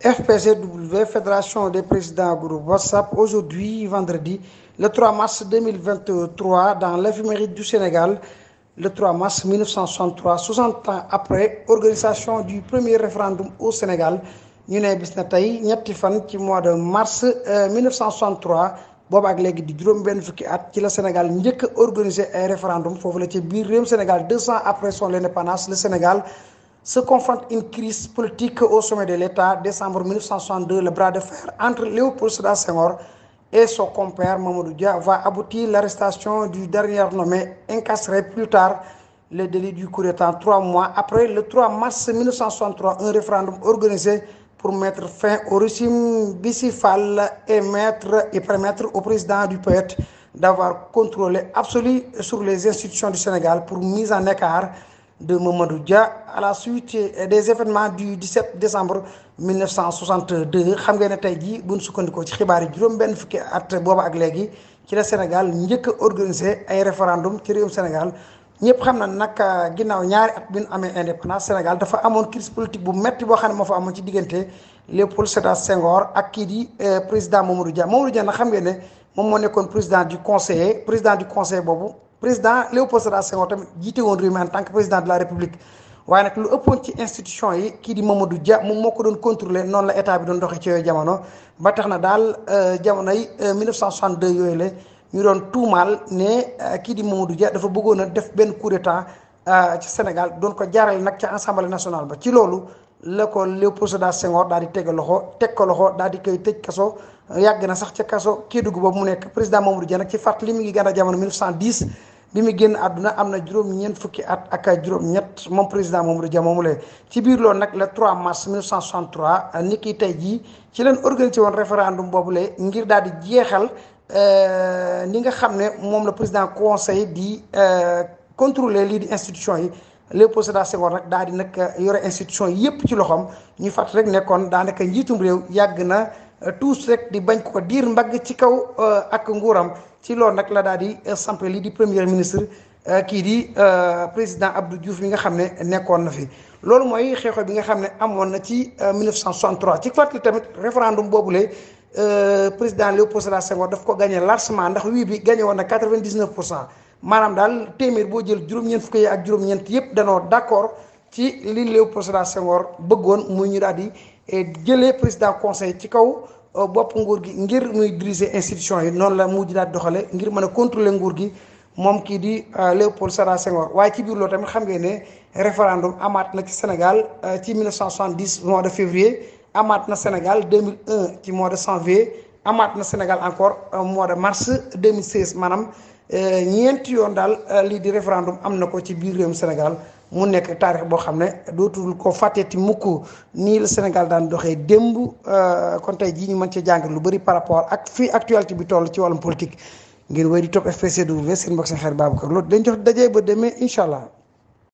FPCW, Fédération des présidents groupe WhatsApp, aujourd'hui, vendredi, le 3 mars 2023, dans l'éphéméride du Sénégal, le 3 mars 1963, 60 ans après organisation du premier référendum au Sénégal, ñu ne bis na tey ñetti mois de mars 1963 Bob ak léegi di juróom-benn fukki at ci Sénégal n'a a organisé un référendum foofu la le dire, le Sénégal 200 après son indépendance le Sénégal se confronte une crise politique au sommet de l'État. Décembre 1962, le bras de fer entre Léopold Sédar Senghor et son compère Mamadou Dia va aboutir à l'arrestation du dernier nommé, incarcéré plus tard le délit du coup temps. trois mois après le 3 mars 1963, un référendum organisé pour mettre fin au régime bicéphale et, mettre, et permettre au président du peuple d'avoir contrôlé absolu sur les institutions du Sénégal pour mise en écart de Mamadou Dia à la suite des événements du 17 décembre 1962 xam ngeen tay ji jii buñ sukkandikoo ci xibaar yi juróom-benn fukki at booba ak léegi ci la Sénégal njëkk a organisé ay référendum ci réewum Sénégal ñëpp xam na nag ginnaaw ñaari at bi ñu amee indépendance Sénégal dafa amoon crise politique bu metti boo xam ne moo fa amoon ci diggante Léopold Sédar Senghor ak kii di euh, président Mamadou Dia Mamadou Dia nag xam ngeen ne moom moo nekkoon président du conseil président du conseil boobu. président Léopold Sédar Senghor tamit jiite woon réew mi en tant que président de la république waaye nag lu ëppoon ci institution yi kii di Mamadou Dia moom moo ko doon contrôler noonu la état bi doon doxee ci yooyu jamono ba tax na daal jamono yi 1962 yooyu la ñu doon tuumaal ne euh, kii di Mamadou ja dafa bëggoon a def benn coup d'état euh, ci Sénégal doon ko jaarale nag ca assemblée nationale ba ci loolu la ko Léopold Sédar Senghor daal di teg loxo teg ko loxo daal di koy tëj kaso. yàgg na sax ca kaso Kédougou boobu mu nekk président Mamadou Dia nag ci fàttali mi ngi gën a jamono 1910 bi mu génn àdduna am na juróom-ñeent fukki at ak juróom-ñett moom président Mamadou Dia moomu lee ci biir lool nag le 3 mars 1963 ni ki tey jii ci leen organisé woon référendum boobu lee ngir di jeexal ni euh, nga xam ne moom la président conseil di euh, contrôler lii di institution yi Léopold Sédar Senghor nag daal di nag yore institution yépp ci loxoom ñu fàtt rek nekkoon daanaka njiitum réew yàgg na. tous rek di bañ koo diir mbagg ci kaw euh, ak nguuram ci loolu nag la daal di euh, sampe lii di premier ministre euh, kii di président Abdou Diouf mi nga xam ne nekkoon na fi loolu mooy xeexoo bi nga xam ne amoon na ci 1963 ci fàttali tamit référendum boobule président Léopold Sédar Senghor daf ko gagné largement ndax wii bi gagné woon na 99 pour cent maanaam daal téeméer boo jël juróom-ñeent fukk yi ak juróom-ñeent yépp danoo d'accord ci li Léopold Sédar Senghor bëggoon muy ñu daal di. et jëlee président conseil ci kaw euh, bopp nguur gi ngir muy diriger institution yi noonu la mujj daal doxale ngir mën a contrôler nguur gi moom kii di euh, Léopold Sédar Senghor waaye ci biir loolu tamit xam ngeen ne référendum amaat na ci Sénégal euh, ci 1970 mois de février amaat na Sénégal 2001 ci mois de janvier amaat na Sénégal encore mois de mars 2016 maanaam ñeenti yoon daal lii di référendum am na ko ci biir réewum Sénégal. mu nekk taarix boo xam ne dootul ko fàtteeti mukk nii la Sénégal daan doxee démb euh, kon tey jii ñu mën cee jàng lu bari par rapport ak fii actualité bi toll ci wàllum politique ngir wéy di topp FPCW seen mbokk seen xarit Babacar Lo dañ jox dajee ba demee incha allah.